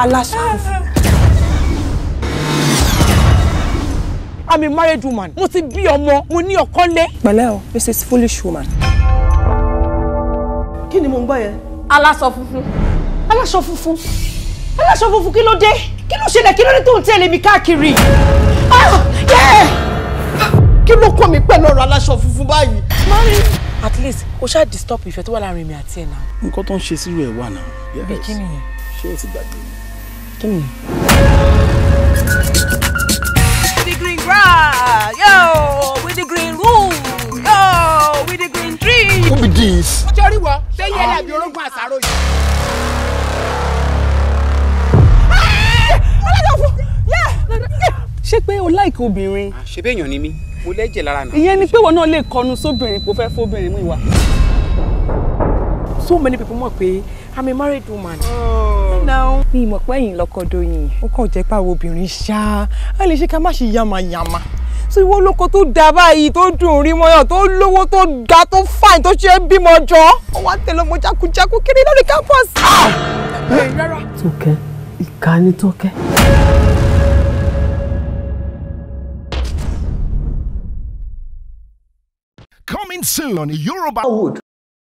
aláṣàrùfù. I'm a married woman. Mo ti bí ọmọ, mo ní ọkọ lé. Pẹ̀lẹ́ o, is Foolish Woman. Kí ni mo ń gbọ́ yẹn? Aláṣọ funfun. Aláṣọ funfun. Aláṣọ funfun kí ló dé? Kí ló ṣẹlẹ̀? Kí ló dé tó ń tẹ̀lé mi káàkiri? Ah, kí ló kọ́ mi pẹ̀lú ọ̀rọ̀ aláṣọ funfun báyìí? Mami. At least o ṣáà disturb ìfẹ́ tó wà láàrin mi àti ẹ̀ náà. Nǹkan tó ń ṣe sírò ẹ̀ wà náà. Bí kí Ṣé o ti gbàgbé mi? Give me. With the green grass, yo, with the green roof, yo, with the green tree. Who be this? Ṣé rí wọ? Ṣé yẹ làbí orógun àṣàrò yìí? Ah! Ṣé pé o láìkí obìnrin? Ah, ṣé bẹ́ẹ̀ yàn ni mí? Mo lẹ́jẹ̀ lára mi. Ìyẹn ni pé wọn náà lè kọnu sóbìnrin kò fẹ́ fóbìnrin mú ìwà. So many people mọ̀ pé I'm a married woman. Oh. Now mi mọ̀ pé ẹ̀yìn lọ́kọ Doyin. ó kàn jẹ́ pé àwọn obìnrin ṣá a lè ṣe ká má ṣe yamayama tí wọ́n lóko tó da báyìí tó dùn rí mọ́yàn tó lówó tó ga tó fàìn tó ṣe bímọ jọ ó wá tẹ̀lé ọmọ jákujáku kiri lórí campus. tókẹ́ ìka tókẹ́. Coming soon on Yorubawood.